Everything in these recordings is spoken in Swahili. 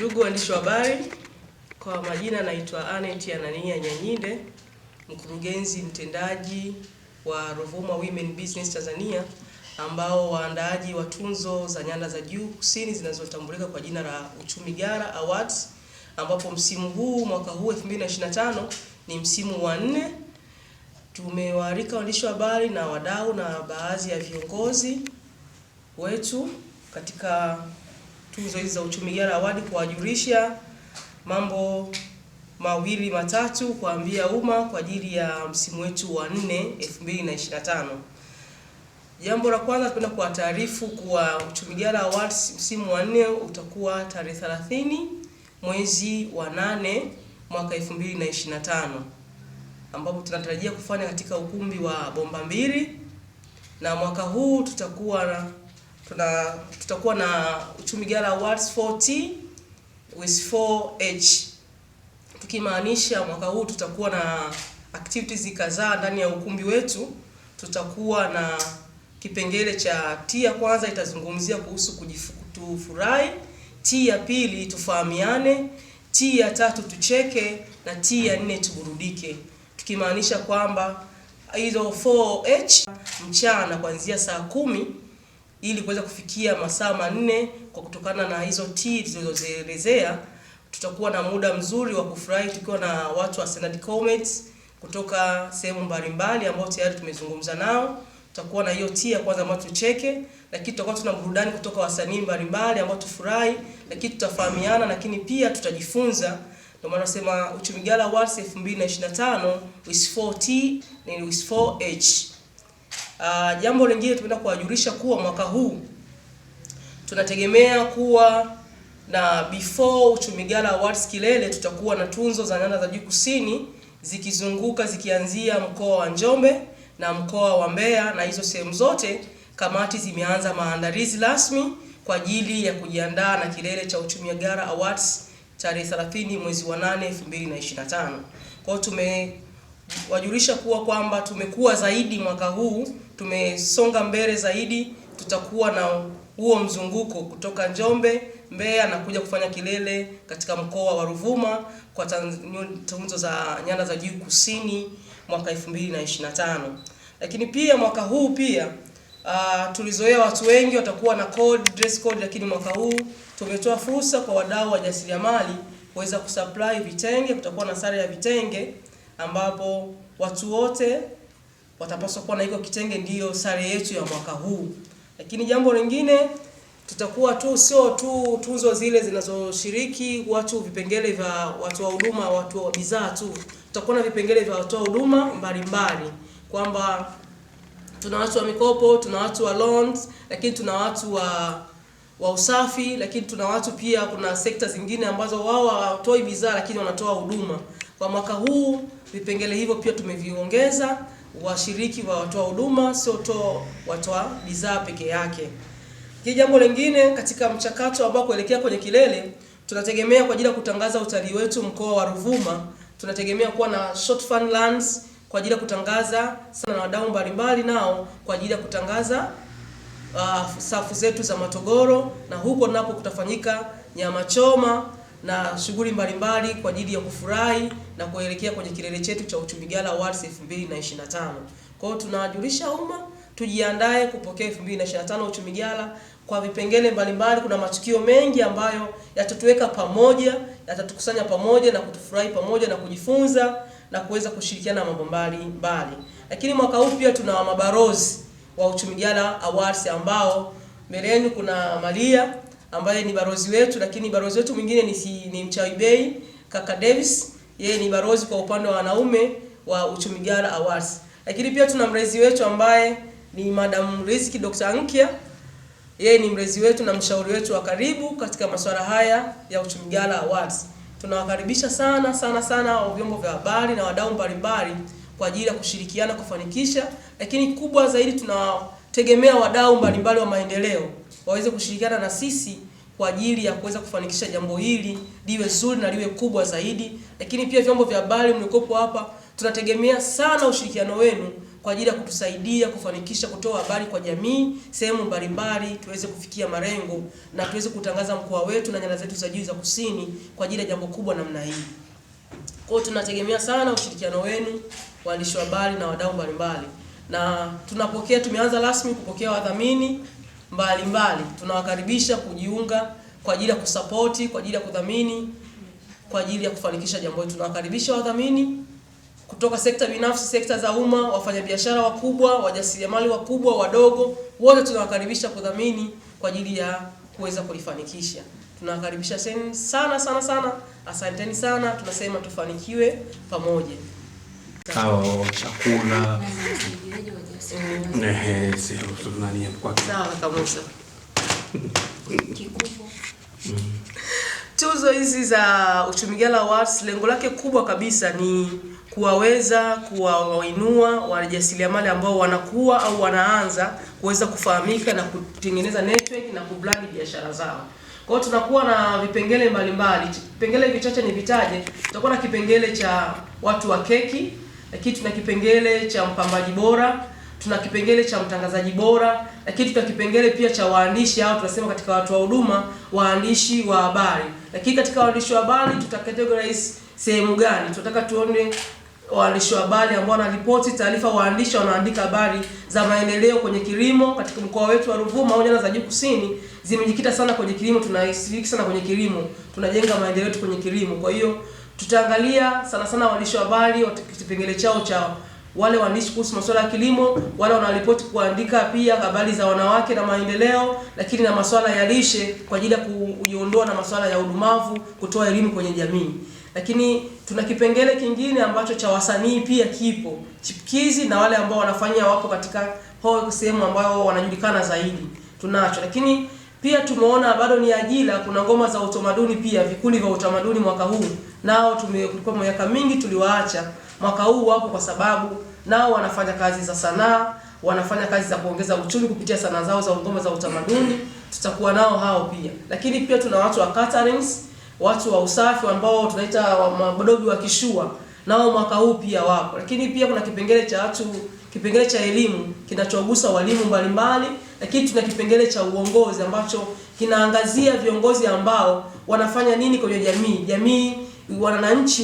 Ndugu waandishi wa habari, kwa majina naitwa Anet Anania Nyanyinde, mkurugenzi mtendaji wa Ruvuma Women Business Tanzania, ambao waandaaji wa tunzo za nyanda za juu kusini zinazotambulika kwa jina la Uchumi Gara Awards, ambapo msimu huu mwaka huu 2025 ni msimu wa nne. Tumewaalika waandishi wa habari na wadau na baadhi ya viongozi wetu katika tuzo hizi za Uchumi Gala Award kuwajulisha mambo mawili matatu kuambia umma kwa ajili ya msimu wetu wa nne 2025. Jambo la kwanza, tunapenda kuwataarifu kuwa Uchumi Gala Awards msimu wa nne utakuwa tarehe 30 mwezi wa 8 mwaka 2025 ambapo tunatarajia kufanya katika ukumbi wa Bomba Mbili, na mwaka huu tutakuwa tuna tutakuwa na uchumi gala awards 4 with 4H, tukimaanisha mwaka huu tutakuwa na activities kadhaa ndani ya ukumbi wetu. Tutakuwa na kipengele cha T ya kwanza itazungumzia kuhusu kujifurahi, T ya pili tufahamiane, T ya tatu tucheke na T ya nne tuburudike, tukimaanisha kwamba hizo 4H mchana kuanzia saa kumi ili kuweza kufikia masaa manne. Kwa kutokana na hizo t tulizozielezea, tutakuwa na muda mzuri wa kufurahi tukiwa na watu wa Standard Comets kutoka sehemu mbalimbali ambao tayari tumezungumza nao. Tutakuwa na hiyo t ya kwanza ambayo tucheke, lakini tutakuwa tuna burudani kutoka wasanii mbalimbali ambao tufurahi, lakini tutafahamiana, lakini pia tutajifunza. Ndio maana nasema Uchumi Gala Awards 2025 is 4T ni 4H. Uh, jambo lingine tumeenda kuwajulisha kuwa mwaka huu tunategemea kuwa na before Uchumi Gala Awards kilele, tutakuwa na tunzo za nyanda za juu kusini zikizunguka zikianzia mkoa wa Njombe na mkoa wa Mbeya, na hizo sehemu zote kamati zimeanza maandalizi rasmi kwa ajili ya kujiandaa na kilele cha Uchumi Gala Awards tarehe 30 mwezi wa 8 2025. Kwao tume wajulisha kuwa kwamba tumekuwa zaidi mwaka huu, tumesonga mbele zaidi. Tutakuwa na huo mzunguko kutoka Njombe, Mbeya na kuja kufanya kilele katika mkoa wa Ruvuma kwa tunzo za nyanda za juu kusini mwaka 2025. Lakini pia mwaka huu pia uh, tulizoea watu wengi watakuwa na code, dress code, lakini mwaka huu tumetoa fursa kwa wadau wa jasiriamali kuweza kusupply vitenge. Kutakuwa na sare ya vitenge ambapo watu wote watapaswa kuwa na hiko kitenge, ndiyo sare yetu ya mwaka huu. Lakini jambo lingine tutakuwa tu sio tu tuzo zile zinazoshiriki watu, vipengele vya watu wa huduma, watu wa bidhaa tu, tutakuwa na vipengele vya watu wa huduma mbalimbali, kwamba tuna watu wa mikopo, tuna watu wa loans, lakini tuna watu wa wa usafi, lakini tuna watu pia, kuna sekta zingine ambazo wao hawatoi bidhaa lakini wanatoa huduma. Kwa mwaka huu vipengele hivyo pia tumeviongeza, washiriki wa watoa huduma sio to watoa bidhaa peke yake. Kile jambo lingine katika mchakato ambao kuelekea kwenye kilele, tunategemea kwa ajili ya kutangaza utalii wetu mkoa wa Ruvuma, tunategemea kuwa na short fund lands kwa ajili ya kutangaza sana na wadau mbalimbali nao kwa ajili ya kutangaza uh, safu zetu za matogoro na huko napo kutafanyika nyama choma na shughuli mbalimbali kwa ajili ya kufurahi na kuelekea kwenye kilele chetu cha Uchumi Gala Awards 2025. Kwa hiyo tunawajulisha umma tujiandae kupokea 2025 Uchumi Gala kwa vipengele mbalimbali. Kuna matukio mengi ambayo yatatuweka pamoja, yatatukusanya pamoja na kutufurahi pamoja na kujifunza na kuweza kushirikiana mambo mbali. Lakini mwaka huu pia tuna mabarozi wa Uchumi Gala Awards ambao mbele yenu kuna Maria ambaye ni barozi wetu, lakini barozi wetu mwingine ni, si, ni Mchawi Bey kaka Davis, yeye ni barozi kwa upande wa wanaume wa Uchumi Gala Awards. Lakini pia tuna mrezi wetu ambaye ni Madam Riziki Dr. Ankia, yeye ni mrezi wetu na mshauri wetu wa karibu katika masuala haya ya Uchumi Gala Awards. Tunawakaribisha sana sana sana wa vyombo vya habari na wadau mbalimbali kwa ajili ya kushirikiana kufanikisha, lakini kubwa zaidi tunawa tegemea wadau mbalimbali wa maendeleo waweze kushirikiana na sisi kwa ajili ya kuweza kufanikisha jambo hili liwe zuri na liwe kubwa zaidi. Lakini pia vyombo vya habari mlikopo hapa, tunategemea sana ushirikiano wenu kwa ajili ya kutusaidia kufanikisha kutoa habari kwa jamii sehemu mbalimbali, tuweze kufikia malengo na tuweze kutangaza mkoa wetu na nyanda zetu za juu za kusini kwa ajili ya jambo kubwa namna hii. Kwa hiyo tunategemea sana ushirikiano wenu, waandishi wa habari na wadau mbalimbali na tunapokea, tumeanza rasmi kupokea wadhamini mbalimbali. Tunawakaribisha kujiunga kwa ajili ya kusapoti, kwa ajili ya kudhamini, kwa ajili ya kufanikisha jambo hili. Tunawakaribisha wadhamini kutoka sekta binafsi, sekta za umma, wafanyabiashara wakubwa, wajasiriamali wakubwa, wadogo, wote tunawakaribisha kudhamini kwa ajili ya kuweza kulifanikisha. Tunawakaribisha sana sana sana, asanteni sana, tunasema tufanikiwe pamoja au chakula mm. mm. tuzo hizi za Uchumi Awards lengo lake kubwa kabisa ni kuwaweza kuwainua wajasiriamali ambao wanakuwa au wanaanza kuweza kufahamika na kutengeneza network na kubrandi biashara zao. Kwa hiyo tunakuwa na vipengele mbalimbali mbali. Vipengele vichache ni vitaje, tutakuwa na kipengele cha watu wa keki lakini tuna kipengele cha mpambaji bora, tuna kipengele cha mtangazaji bora, lakini tuna kipengele pia cha waandishi hao, tunasema katika watu wa huduma, waandishi wa habari. Lakini katika waandishi wa habari tutakategorize sehemu gani? Tunataka tuone waandishi wa habari ambao wanaripoti taarifa, waandishi wanaandika habari za maendeleo kwenye kilimo. Katika mkoa wetu wa Ruvuma au nyanda za juu kusini zimejikita sana kwenye kilimo, tunashiriki sana kwenye kilimo, tunajenga maendeleo yetu kwenye kilimo, kwa hiyo Tutaangalia sana sana waandishi wa habari, kipengele chao cha wale waandishi kuhusu masuala ya kilimo, wale wanaripoti kuandika pia habari za wanawake na maendeleo, lakini na masuala ya lishe kwa ajili ya kuiondoa na masuala ya udumavu, kutoa elimu kwenye jamii. Lakini tuna kipengele kingine ambacho cha wasanii pia kipo chipkizi na wale ambao wanafanya wapo katika sehemu ambayo wanajulikana zaidi, tunacho lakini pia tumeona bado ni ajira, kuna ngoma za utamaduni pia, vikundi vya utamaduni mwaka huu nao tumekuwa, miaka mingi tuliwaacha, mwaka huu wapo kwa sababu nao wanafanya kazi za sanaa, wanafanya kazi za kuongeza uchumi kupitia sanaa zao za ngoma za utamaduni, tutakuwa nao hao pia. Lakini pia tuna watu wa caterings, watu wa usafi ambao tunaita mabodogi wa kishua, nao mwaka huu pia wapo. Lakini pia kuna kipengele cha watu, kipengele cha elimu kinachogusa walimu mbalimbali lakini tuna kipengele cha uongozi ambacho kinaangazia viongozi ambao wanafanya nini kwenye jamii. Jamii, wananchi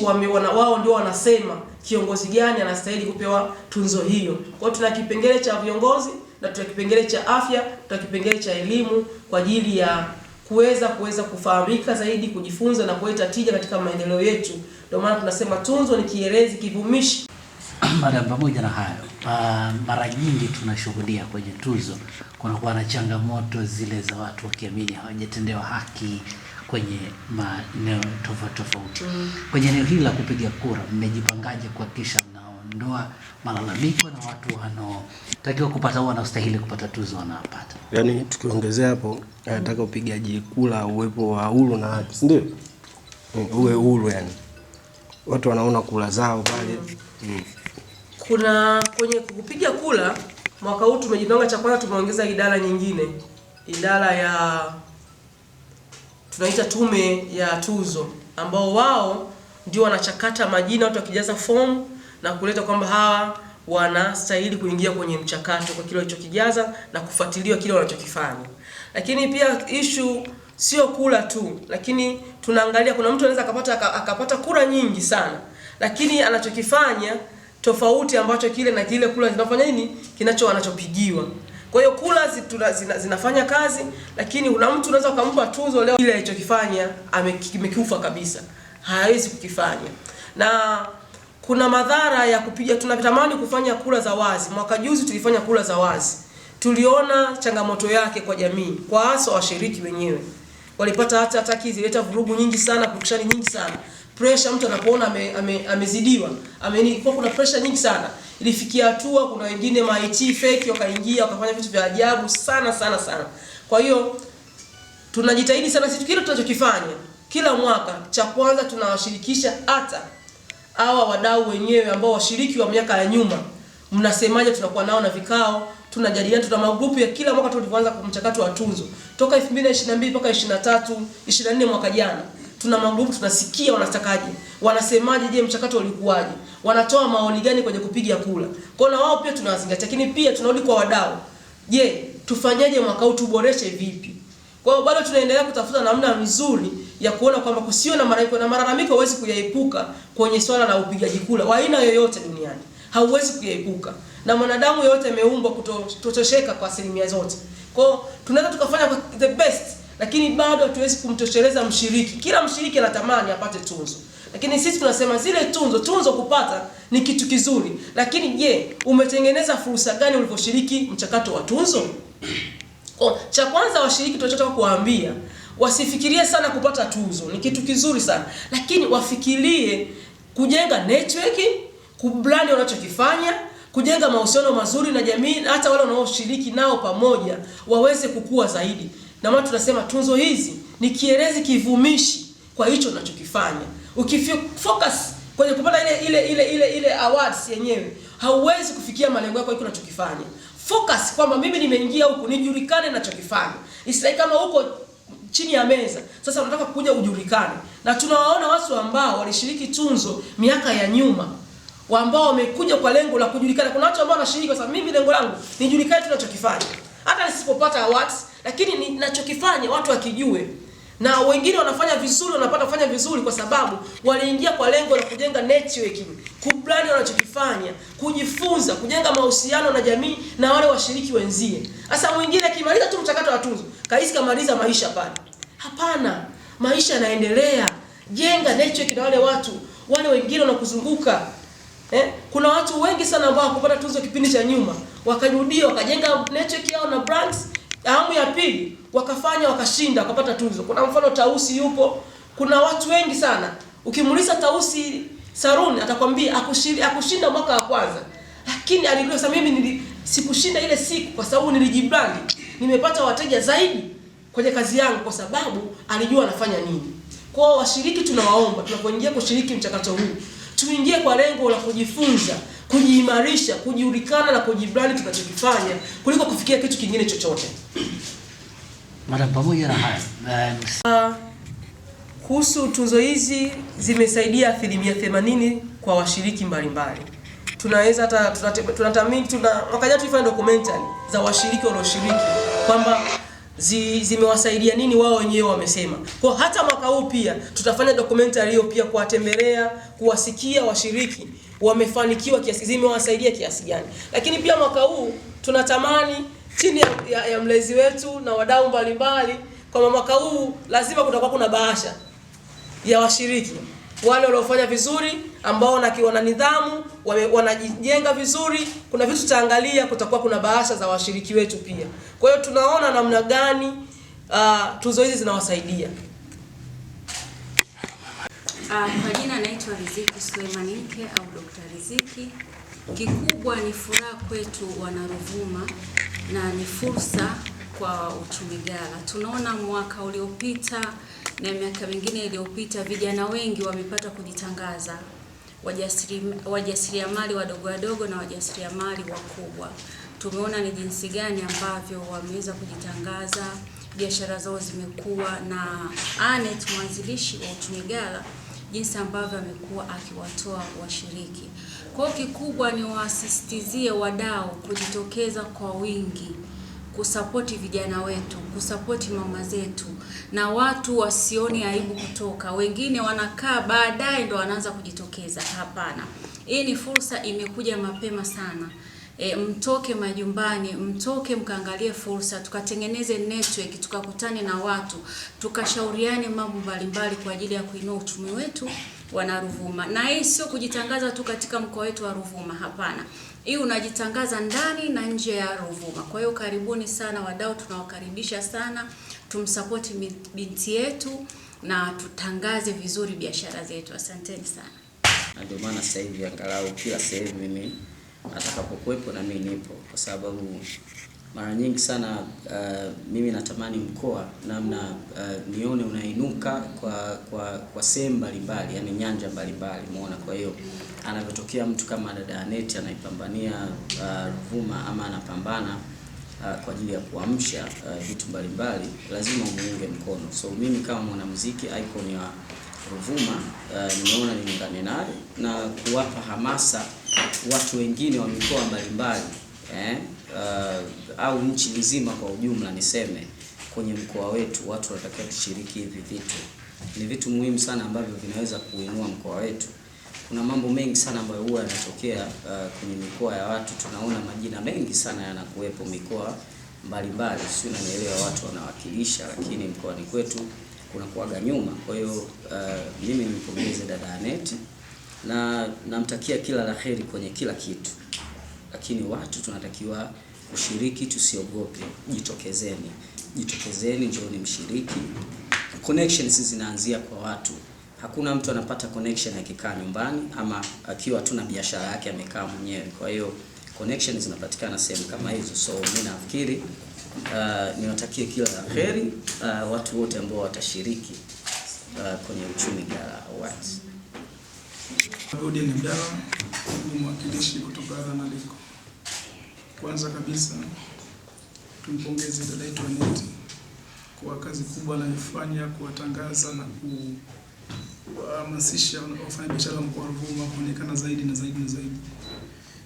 wao ndio wanasema kiongozi gani anastahili kupewa tunzo hiyo. Kwa hiyo tuna kipengele cha viongozi na tuna kipengele cha afya, tuna kipengele cha elimu kwa ajili ya kuweza kuweza kufahamika zaidi, kujifunza na kuleta tija katika maendeleo yetu. Ndio maana tunasema tunzo ni kielezi kivumishi. Pamoja na hayo uh, mara nyingi tunashuhudia kwenye tuzo kunakuwa na changamoto zile za watu wakiamini hawajatendewa haki kwenye maeneo tofauti tofauti. Mm. Kwenye eneo hili la kupiga kura, mmejipangaje kuhakikisha mnaondoa malalamiko na watu wanaotakiwa kupata au wanaostahili kupata tuzo wanapata? Yaani tukiongezea hapo, eh, nataka upigaji kura uwepo wa huru na haki, si ndio? Mm, uwe huru yani, watu wanaona kura zao pale. Mm. mm kuna kwenye kupiga kula mwaka huu tumejipanga, cha kwanza tumeongeza idara nyingine, idara ya tunaita tume ya tuzo, ambao wao ndio wanachakata majina watu wakijaza fomu na kuleta kwamba hawa wanastahili kuingia kwenye mchakato kwa kile walichokijaza na kufuatiliwa kile wanachokifanya. Lakini pia ishu sio kula tu, lakini tunaangalia kuna mtu anaweza akapata akapata kura nyingi sana, lakini anachokifanya tofauti ambacho kile na kile kula zinafanya nini kinacho anachopigiwa. Kwa hiyo kula zitula, zina, zinafanya kazi, lakini una mtu unaweza ukampa tuzo leo ile alichokifanya amekiufa kabisa, hawezi kukifanya. Na kuna madhara ya kupiga, tunatamani kufanya kula za wazi. Mwaka juzi tulifanya kula za wazi, tuliona changamoto yake kwa jamii, kwa hasa washiriki wenyewe walipata hata hata kizileta vurugu nyingi sana, kukushani nyingi sana pressure, mtu anapoona amezidiwa ame, ame ame kuna pressure nyingi sana ilifikia hatua, kuna wengine maiti fake wakaingia wakafanya vitu vya ajabu sana sana sana. Kwa hiyo tunajitahidi sana sisi, kile tunachokifanya kila mwaka, cha kwanza tunawashirikisha hata hawa wadau wenyewe ambao washiriki wa miaka ya nyuma, mnasemaje? Tunakuwa nao na vikao tunajadiliana tuna magrupu ya kila mwaka. Tulivyoanza mchakato wa tuzo toka 2022 mpaka 23 24 mwaka jana tuna magrupu tunasikia wanatakaje, wanasemaje, je, mchakato ulikuwaje, wanatoa maoni gani kwenye kupiga kula. Kwa na wao pia tunawazingatia, lakini pia tunarudi kwa wadau, je, tufanyaje mwaka huu, tuboreshe vipi? Kwa hiyo bado tunaendelea kutafuta namna nzuri ya kuona kwamba kusio na malalamiko, na malalamiko huwezi kuyaepuka kwenye swala la upigaji kula wa aina yoyote duniani, hauwezi kuyaepuka, na mwanadamu yoyote ameumbwa kutotosheka kwa asilimia zote. Kwa hiyo tunaweza tukafanya the best lakini bado hatuwezi kumtosheleza mshiriki. Kila mshiriki anatamani apate tunzo, lakini sisi tunasema zile tunzo, tunzo kupata ni kitu kizuri, lakini je, umetengeneza fursa gani ulivyoshiriki mchakato wa tunzo? Kwa oh, cha kwanza, washiriki tunachotaka kuwaambia wasifikirie sana kupata tuzo, ni kitu kizuri sana lakini wafikirie kujenga network, kublani wanachokifanya, kujenga mahusiano mazuri na jamii, hata wale wanaoshiriki nao pamoja waweze kukua zaidi. Na maana tunasema tunzo hizi ni kielezi kivumishi kwa hicho unachokifanya. Ukifocus kwenye kupata ile ile ile ile ile awards yenyewe, hauwezi kufikia malengo yako hicho unachokifanya. Focus kwamba mimi nimeingia huku nijulikane nachokifanya. Isiwe kama huko chini ya meza. Sasa unataka kuja ujulikane. Na tunawaona watu ambao walishiriki tunzo miaka ya nyuma ambao wamekuja kwa lengo la kujulikana. Kuna watu ambao wanashiriki kwa sababu mimi lengo langu nijulikane tunachokifanya. Hata nisipopata awards lakini ninachokifanya watu wakijue, na wengine wanafanya vizuri, wanapata kufanya vizuri kwa sababu waliingia kwa lengo la kujenga networking, kuplani wanachokifanya, kujifunza, kujenga mahusiano na jamii na wale washiriki wenzie. Sasa mwingine akimaliza tu mchakato wa tuzo kaisi kamaliza maisha pale, hapana, maisha yanaendelea. Jenga network na wale watu wale wengine wanakuzunguka. Eh, kuna watu wengi sana ambao wakupata tuzo kipindi cha nyuma, wakajudia wakajenga network yao na brands awamu ya pili wakafanya wakashinda, wakapata tuzo. Kuna mfano Tausi yupo, kuna watu wengi sana. Ukimuuliza Tausi Saruni atakwambia akushinda, akushinda mwaka wa kwanza, lakini alijua mimi nili, sikushinda ile siku kwa sababu nilijibrandi, nimepata wateja zaidi kwenye kazi yangu kwa sababu alijua anafanya nini. Kwa washiriki tunawaomba tunapoingia kushiriki mchakato huu tuingie kwa lengo la kujifunza kujiimarisha, kujiulikana na kujibrani tunachokifanya kuliko kufikia kitu kingine chochote. Mara pamoja na haya uh, kuhusu tuzo hizi zimesaidia asilimia themanini kwa washiriki mbalimbali. Tunaweza hata tunatamini tuna, tuna, mwaka jana tulifanya documentary za washiriki walioshiriki kwamba zi, zimewasaidia nini wao wenyewe wamesema. Kwa hata mwaka huu pia tutafanya documentary hiyo pia kuwatembelea, kuwasikia washiriki wamefanikiwa kiasi, zimewasaidia kiasi gani. Lakini pia mwaka huu tunatamani chini ya, ya, ya mlezi wetu na wadau mbalimbali kwamba mwaka huu lazima kutakuwa kuna bahasha ya washiriki wale waliofanya vizuri ambao wana nidhamu wanajijenga vizuri. Kuna vitu tutaangalia, kutakuwa kuna bahasha za washiriki wetu pia. Kwa hiyo tunaona namna gani uh, tuzo hizi zinawasaidia. Uh, kwa jina naitwa Riziki Suleimanike au Dr. Riziki. Kikubwa ni furaha kwetu Wanaruvuma na ni fursa kwa uchumi gala. Tunaona mwaka uliopita na miaka mingine iliyopita vijana wengi wamepata kujitangaza, wajasiriamali wadogo wadogo na wajasiriamali wakubwa. Tumeona ni jinsi gani ambavyo wameweza kujitangaza, biashara zao zimekuwa, na Anet mwanzilishi wa uchumi gala jinsi ambavyo amekuwa akiwatoa washiriki. Kwa hiyo kikubwa ni wasisitizie wadau kujitokeza kwa wingi kusapoti vijana wetu, kusapoti mama zetu, na watu wasioni aibu kutoka. Wengine wanakaa baadaye ndo wanaanza kujitokeza. Hapana, hii ni fursa, imekuja mapema sana. E, mtoke majumbani, mtoke mkaangalie fursa, tukatengeneze network, tukakutane na watu, tukashauriane mambo mbalimbali kwa ajili ya kuinua uchumi wetu wana Ruvuma. Na hii sio kujitangaza tu katika mkoa wetu wa Ruvuma, hapana. Hii unajitangaza ndani na nje ya Ruvuma. Kwa hiyo karibuni sana wadau, tunawakaribisha sana, tumsapoti binti yetu na tutangaze vizuri biashara zetu. Asanteni sana, na ndio maana sasa hivi angalau kila sehemu mimi atakapokuwepo na mimi nipo, kwa sababu mara nyingi sana uh, mimi natamani mkoa namna uh, nione unainuka kwa kwa, kwa sehemu mbalimbali, yani nyanja mbalimbali muona. Kwa hiyo anavyotokea mtu kama dada Aneth anaipambania uh, Ruvuma ama anapambana uh, kwa ajili ya kuamsha uh, vitu uh, mbalimbali, lazima umuunge mkono. So mimi kama mwanamuziki icon ya Ruvuma uh, nimeona niungane naye na kuwapa hamasa watu wengine wa mikoa mbalimbali eh, uh, au nchi nzima kwa ujumla, niseme kwenye mkoa wetu watu wanatakiwa kushiriki hivi vitu. Ni vitu muhimu sana ambavyo vinaweza kuinua mkoa wetu. Kuna mambo mengi sana ambayo huwa yanatokea uh, kwenye mikoa ya watu, tunaona majina mengi sana yanakuwepo mikoa mbalimbali, sio naelewa watu wanawakilisha, lakini mkoani kwetu kuna kuaga nyuma. Kwa hiyo uh, mimi nimpongeze dada Aneth na namtakia kila la heri kwenye kila kitu, lakini watu tunatakiwa kushiriki, tusiogope, jitokezeni, jitokezeni, njooni mshiriki. Connections zinaanzia kwa watu. Hakuna mtu anapata connection akikaa nyumbani ama akiwa tu na biashara yake amekaa mwenyewe. Kwa hiyo connections zinapatikana sehemu kama hizo. So mimi nafikiri uh, niwatakie kila la heri uh, watu wote ambao watashiriki uh, kwenye uchumi wa Odin Abdalla ni mwakilishi kutoka Liko. Kwanza kabisa tumpongeze dada yetu Aneti kwa kazi kubwa anayofanya kuwatangaza na kuhamasisha wafanyabiashara mkoa wa Ruvuma kuonekana zaidi na zaidi na zaidi.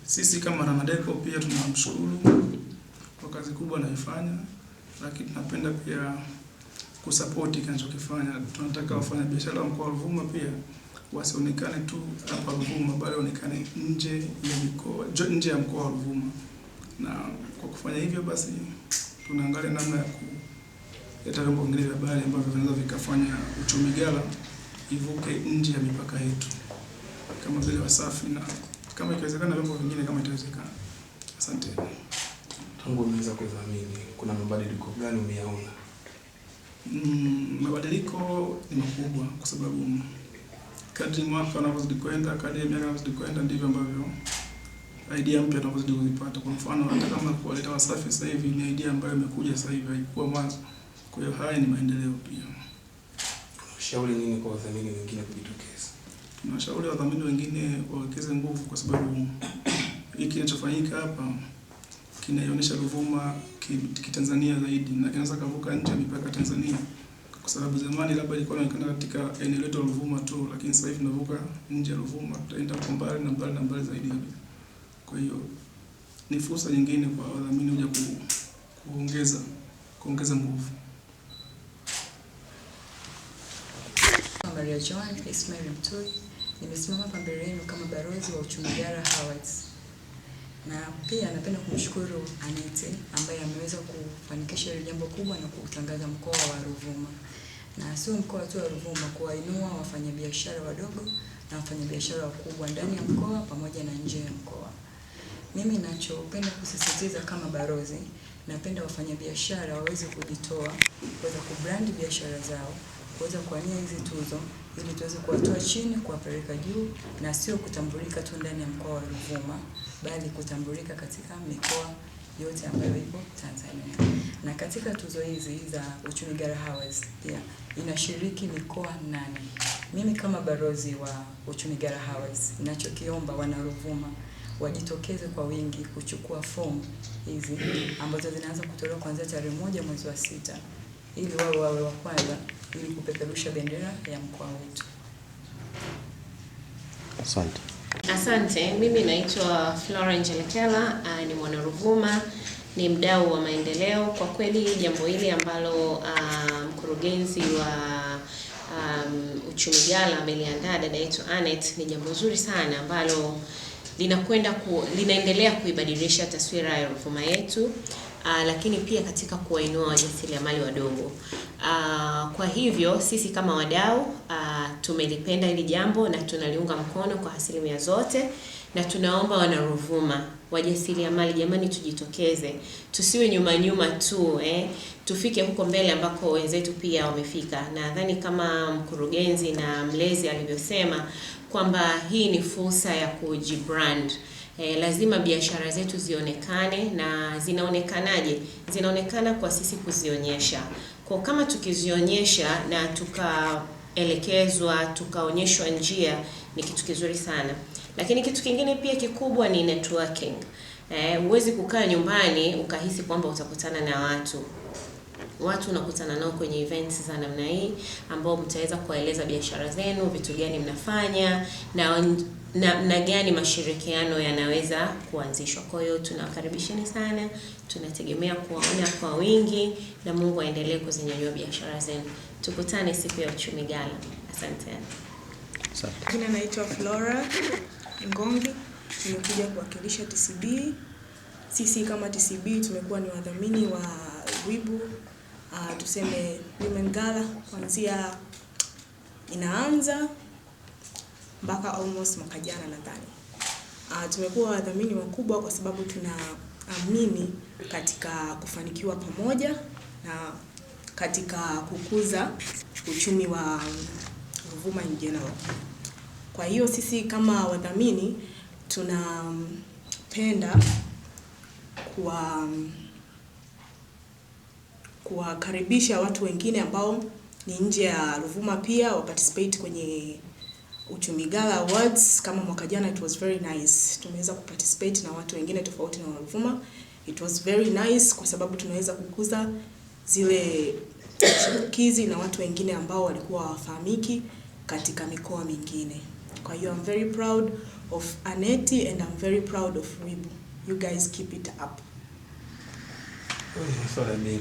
Sisi kama Deco pia tunamshukuru kwa kazi kubwa anayofanya, lakini tunapenda pia kusapoti kinachokifanya. Tunataka wafanyabiashara mkoa wa Ruvuma pia wasionekane tu hapa Ruvuma bali waonekane nje ya mikoa, nje ya mkoa wa Ruvuma. Na kwa kufanya hivyo basi tunaangalia namna ya kuleta vyombo vingine vya habari ambavyo vinaweza vikafanya uchumi gala ivuke nje ya mipaka yetu kama vile Wasafi na kama ikiwezekana vyombo vingine kama itawezekana. Asante. Tangu umeanza kudhamini, kuna mabadiliko gani umeyaona? Mm, mabadiliko ni makubwa kwa sababu kadri mwaka unavyozidi kwenda, kadri miaka inavyozidi kwenda, ndivyo ambavyo idea mpya tunazidi kuzipata. Kwa mfano, hata kama kuwaleta Wasafi sasa hivi ni idea ambayo imekuja sasa hivi, haikuwa mwanzo. Kwa hiyo haya ni maendeleo pia. Tunashauri nini kwa wadhamini wengine kujitokeza? Tunashauri wadhamini wengine wawekeze nguvu, kwa sababu hiki kinachofanyika hapa kinaionyesha Ruvuma kitanzania zaidi na kinaweza kavuka nje mipaka Tanzania kwa sababu zamani labda ilikuwa inaonekana katika eneo letu la Ruvuma tu, lakini sasa hivi tunavuka nje ya Ruvuma, tutaenda kwa mbali na mbali na mbali zaidi hivi. Kwa hiyo ni fursa nyingine kwa wadhamini kuja ku, kuongeza kuongeza nguvu. Maria Ismail Mtui, nimesimama hapa mbele yenu kama balozi wa Uchumigara Awards na pia napenda kumshukuru Anete ambaye ameweza kufanikisha hili jambo kubwa na kutangaza mkoa wa Ruvuma na sio mkoa tu wa Ruvuma, kuwainua wafanyabiashara wadogo na wafanyabiashara wakubwa ndani ya mkoa pamoja na nje ya mkoa. Mimi ninachopenda kusisitiza kama barozi, napenda wafanyabiashara waweze kujitoa kuweza kubrand biashara zao, kuweza kuania hizi tuzo ili tuweze kuwatoa chini kuwapeleka juu, na sio kutambulika tu ndani ya mkoa wa Ruvuma, bali kutambulika katika mikoa yote ambayo ipo Tanzania. Na katika tuzo hizi za Uchumi Gala Awards pia inashiriki mikoa nane. Mimi kama balozi wa Uchumi Gala Awards ninachokiomba wanaruvuma wajitokeze kwa wingi kuchukua fomu hizi ambazo zinaanza kutolewa kuanzia tarehe moja mwezi wa sita ili wawe wawe wa kwanza ili kupeperusha bendera ya mkoa wetu. Asante. Asante, mimi naitwa Flora Njelekela, ah, ni mwanaruvuma, ni mdau wa maendeleo. Kwa kweli jambo hili ambalo uh, mkurugenzi wa um, uchumi gala ameliandaa dada yetu Anet ni jambo zuri sana ambalo linakwenda ku, linaendelea kuibadilisha taswira ya Ruvuma yetu. Aa, lakini pia katika kuwainua wajasiriamali wadogo. kwa hivyo sisi kama wadau tumelipenda hili jambo na tunaliunga mkono kwa asilimia zote, na tunaomba Wanaruvuma wajasiriamali, jamani, tujitokeze, tusiwe nyuma nyuma tu eh, tufike huko mbele ambako wenzetu pia wamefika. Nadhani kama mkurugenzi na mlezi alivyosema kwamba hii ni fursa ya kujibrand. E, lazima biashara zetu zionekane. Na zinaonekanaje? Zinaonekana kwa sisi kuzionyesha. Kwa kama tukizionyesha na tuka elekezwa tukaonyeshwa njia ni kitu kizuri sana, lakini kitu kingine pia kikubwa ni networking. Eh, huwezi kukaa nyumbani ukahisi kwamba utakutana na watu watu unakutana nao kwenye events za namna hii, ambao mtaweza kuwaeleza biashara zenu, vitu gani mnafanya na namna gani mashirikiano yanaweza kuanzishwa. Kwa hiyo tunawakaribisheni sana, tunategemea kuwaona kwa wingi, na Mungu aendelee kuzinyanyua biashara zenu. Tukutane siku ya uchumi gala. Asante. Jina naitwa Flora Ngombi, nimekuja kuwakilisha TCB. Sisi kama TCB tumekuwa ni wadhamini wa Wibu uh, tuseme Women Gala kuanzia inaanza mpaka almost mwaka jana nadhani. Uh, tumekuwa wadhamini wakubwa kwa sababu tunaamini katika kufanikiwa pamoja na katika kukuza uchumi wa Ruvuma in general. Kwa hiyo sisi kama wadhamini tunapenda kwa kuwakaribisha watu wengine ambao ni nje ya Ruvuma pia wa participate kwenye Uchumi Gala Awards. Kama mwaka jana, it was very nice, tumeweza kuparticipate na watu wengine tofauti na Waruvuma. It was very nice kwa sababu tunaweza kukuza zile shinikizi na watu wengine ambao walikuwa hawafahamiki katika mikoa mingine. Kwa hiyo I'm very proud of Aneti and I'm very proud of ribu You guys keep it up. Swala